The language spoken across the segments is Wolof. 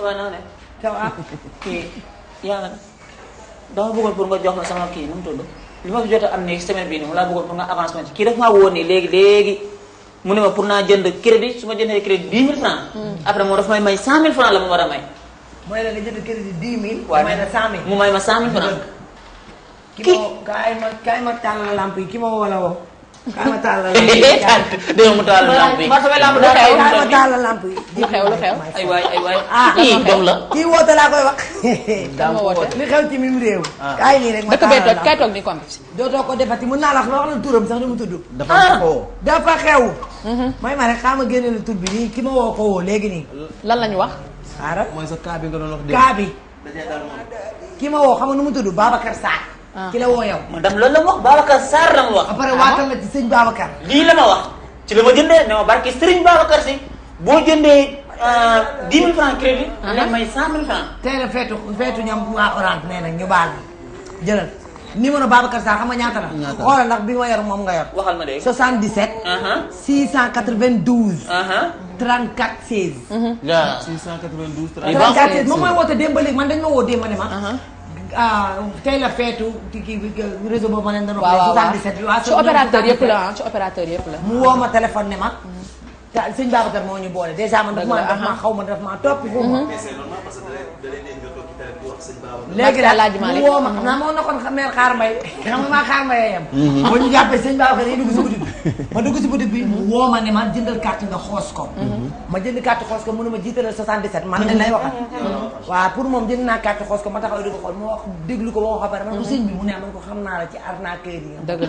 soo noo def. Tawa kii yaa ngi dama bëggoon pour nga jox ma sama kii nu mu tudd li ma fi jot am nii semaine bi nii mu laa bëggoon pour nga avancement kii daf maa woo nii léegi léegi mu ne ma pour naa jënd crédit su ma jëndee crédit 10 000 francs hmm. après moom dafa may may 100 000 francs la ma war a may. mooy la nga jënd crédit 10 000. waaw mu may ma 100 000 francs. kii ki ma kaay ma kaay ma tàllal yi ki ma woo la woo. xaaral ma taal la lamp yi la lamp yi. lu xew lu xew ay waay ay waay. ah kii woote laa koy wax. daa ma woote li xew ci mim réew. Ah. kaay nii rek ma taal la lamp kay toog ni ko dootoo ko defati mën naa la wax loo xam ne turam sax ni mu tudd. dafa ah, xew dafa xew. Mhm. may ma rek xaaral ma génne la tur bi nii ki ma woo ko woo léegi nii. lan la ñu wax. xaaral mooy sa kaa bi nga doon wax dégg. kaa bi ki ma woo xam nu mu tudd Babacar Sarr Ah. ki la woo yow. madame loolu la ma wax Babacar Sarr la ma wax. après waatal ah. la ci sëñ Babacar. lii la ma wax ci la ma jëndee ne ma barki Serigne Babacar si boo jëndee euh, dix mille francs crédit. Ah. nga may cent mille francs. tey la feetu feetu ñoom waa Orange nee na ñu baal ma jëlal numéro xam nga ñaata la. ñaata la xoolal ndax bi ma yor moom nga yor. waxal ma de 77. 692. 34 16. waaw 692. 34 16 moom mooy woote démb léegi man dañ ma woo démb ne ma. Uh-huh. Ah, tey la feetu kii bi réseau boobu ma leen doon wax. waaw waaw ci opérateur yëpp la ah ci opérateur yëpp la. mu woo ma téléphone ne ma. ta sëñ Babacar moo ñu boole dèjà ma daf maa daf maa xaw ma daf maa topp foofu ma léegi daal ma xam naa moo nekkoon mère xaar boo mhm. ñu jàppee sëñ Babacar yi dugg bi ma dugg woo ma ne ma jëndal carte nga xoos ko mhm. ma jënd carte xoos ko mu ne ma jiitalal 77 man ne lay waxal mhm. waaw pour moom jënd naa carte xoos ko ma taxaw di ko xool ma wax déglu ko ba wax pare man ko sëñ bi mu ne man ko xam naa la ci arnaqueur yi dëgg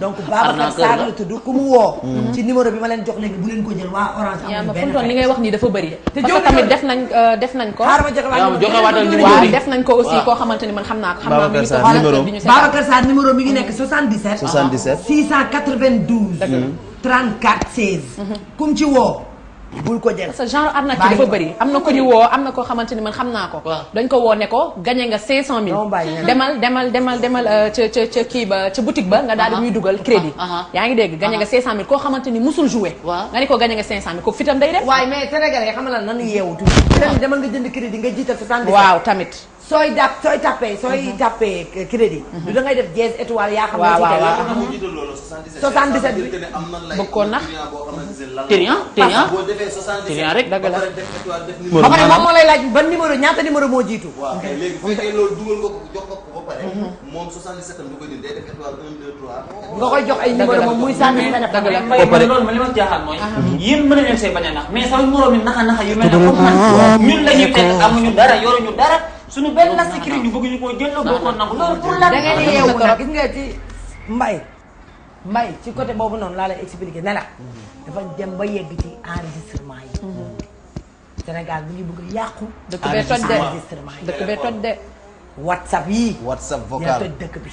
donc Babacar Sarr tudd ku mu woo ci numéro bi ma leen jox léegi bu leen ko jël waa orange li ngay wax nii dafa bëri te parce que tamit def nañ euh, def nañ ko waaw def nañ ko aussi koo xamante ni man xam naa ko xam naa mi ngi toog Babacar Sarr numéro mi ngi nekk 77 77 692 34 16 kum ci woo bul ko jël sa genre arnaque dafa bëri am na ko ñu woo am na koo xamante ni man xam naa ko dañ ko woon ne ko gagné nga 500000 demal demal demal demal euh, ca ca ca kii ba ca boutique ba nga daal di uh-huh. ñuy dugal crédit uh-huh. Uh-huh. yaa ngi dégg gagné nga 500000 koo xamante ni musul jouer nga ne ko gagné nga 500000 ko fitam day def waaye mais sénégalais xam nga lan nanu yeewu tuuti demal nga jënd crédit nga jiital sa waaw tamit sooy dap sooy tapé sooy tapé crédit. du da ngay def dièse étoile yaa xam ne ci télé. waaw 77 bi bëggoon na. trian trian rek dëgg la. ba 77 suñu benn la sécurité ñu bëgg ñu koo jël boo ko nangu loolu pour la da nga ne yeewu nag gis nga ci ci côté boobu noonu laa lay expliqué dafa dem ba yegg ci enregistrement yi Sénégal bu ñu bëgg yàqu dëkk bee toj de enregistrement yi dëkk bee toj de whatsapp yii whatsapp vocal dëkk bi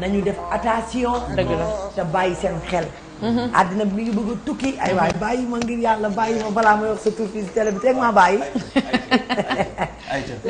nañu def attention dëgg la te bàyyi seen xel Mm-hmm. àddina bi mi ngi bëgg tukki ay waay mm-hmm. bàyyi ma ngir yàlla bàyyi ma balaa may wax sa tur fii si bàyyi